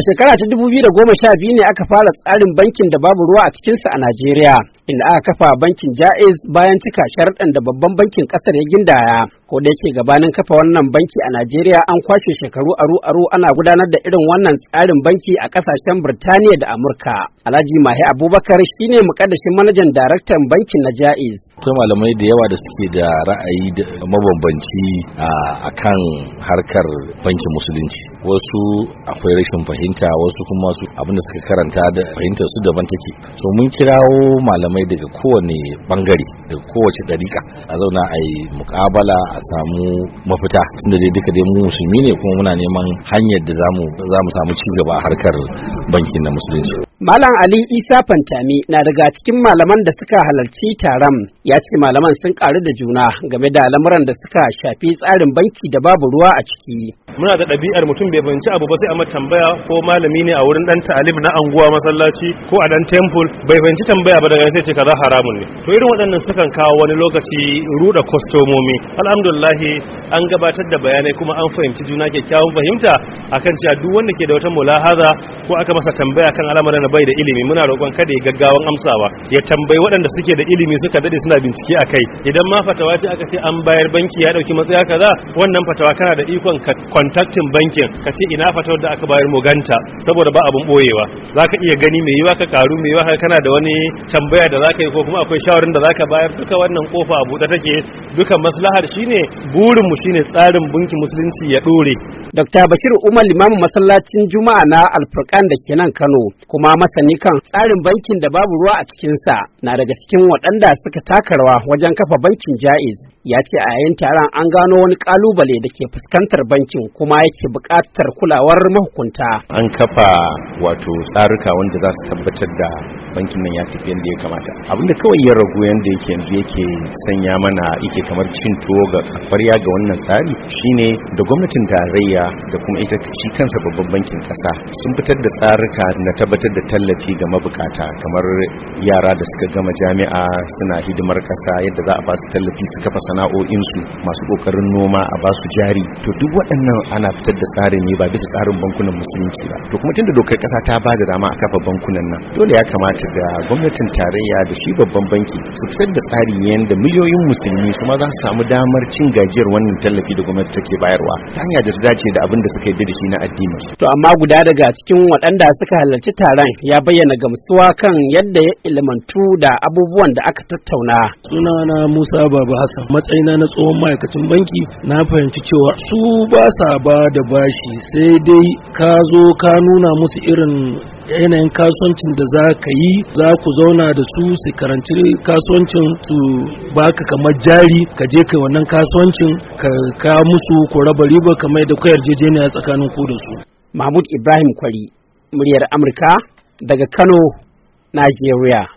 A shekara ta 2012 ne aka fara tsarin bankin da babu ruwa a cikinsa a Najeriya. inda aka kafa bankin Jaiz bayan cika sharɗan da babban bankin ƙasar ya gindaya. Ko da yake gabanin kafa wannan banki a Najeriya an kwashe shekaru aru-aru ana gudanar da irin wannan tsarin banki a ƙasashen Birtaniya da Amurka. Alhaji Mahi Abubakar shine mukaddashin manajan daraktan bankin na Jaiz. Akwai malamai da yawa da suke da ra'ayi da mabambanci a kan harkar bankin musulunci. Wasu akwai rashin fahimta wasu kuma su abinda suka karanta da fahimtar su daban take. So mun kirawo malamai malamai daga kowane bangare daga kowace dariƙa a zauna a yi mukabala a samu mafita tunda dai duka dai mu musulmi ne kuma muna neman hanyar da za mu samu ci gaba a harkar bankin na musulunci. Malam Ali Isa Fantami na daga cikin malaman da suka halarci taron ya ce malaman sun karu da juna game da lamuran da suka shafi tsarin banki da babu ruwa a ciki. muna da ɗabi'ar mutum bai fahimci abu ba sai a tambaya ko malami ne a wurin dan ta'alim na anguwa masallaci ko a dan temple bai fahimci tambaya ba daga sai ce kaza haramun ne to irin waɗannan sukan kawo wani lokaci ruɗa kwastomomi alhamdulillahi an gabatar da bayanai kuma an fahimci juna kyakkyawan fahimta akan cewa duk wanda ke da wata mulahaza ko aka masa tambaya kan al'amarin na bai da ilimi muna roƙon kada ya gaggawan amsawa ya tambayi waɗanda suke da ilimi suka dade suna bincike a kai idan ma fatawa ce aka ce an bayar banki ya ɗauki matsaya kaza wannan fatawa kana da ikon ka kwantaktin bankin ka ce ina fatar da aka bayar mu ganta saboda ba abun boyewa ka iya gani mai yiwa ka karu mai yiwa kana da wani tambaya da zaka yi ko kuma akwai shawarin da za ka bayar duka wannan kofa a buɗe take duka maslahar shine burinmu shi shine tsarin bankin musulunci ya ɗore. Dr. Bashir Umar limamin masallacin Juma'a na Alfurkan da ke nan Kano kuma masani kan tsarin bankin da babu ruwa a cikinsa na daga cikin waɗanda suka taka rawa wajen kafa bankin Jaiz ya ce a yayin taron an gano wani kalubale da ke fuskantar bankin kuma yake buƙatar kulawar mahukunta an kafa wato tsaruka wanda za su tabbatar da bankin nan ya tafi yadda ya kamata abinda kawai ya ragu yadda yake yanzu yake sanya mana yake kamar cin tuwo ga kwarya ga wannan tsari shine da gwamnatin tarayya da kuma ita shi kansa babban bankin ƙasa sun fitar da tsaruka na tabbatar da tallafi ga mabukata kamar yara da suka gama jami'a suna hidimar ƙasa yadda za a ba su tallafi su kafa su masu kokarin noma a basu jari to duk waɗannan ana fitar da tsarin ne ba bisa tsarin bankunan musulunci ba to kuma tunda dokar ƙasa ta ba da dama a kafa bankunan nan dole ya kamata da gwamnatin tarayya da shi babban banki su fitar da tsari yadda miliyoyin musulmi su za su samu damar cin gajiyar wannan tallafi da gwamnati take bayarwa ta hanya da ta dace da abin da suka yi da na addini to amma guda daga cikin waɗanda suka halarci taron ya bayyana gamsuwa kan yadda ya ilmantu da abubuwan da aka tattauna sunana Musa Baba Hassan matsayina na tsohon ma'aikacin banki na fahimci cewa su ba sa ba da bashi sai dai ka zo ka nuna musu irin yanayin kasuwancin da za ka yi za ku zauna da su su karanci kasuwancin su baka kamar jari ka je kai wannan kasuwancin ka ka musu ko raba riba kamar da kai yarjejeniya tsakanin ku da su Mahmud Ibrahim Kwari muryar Amurka daga Kano Najeriya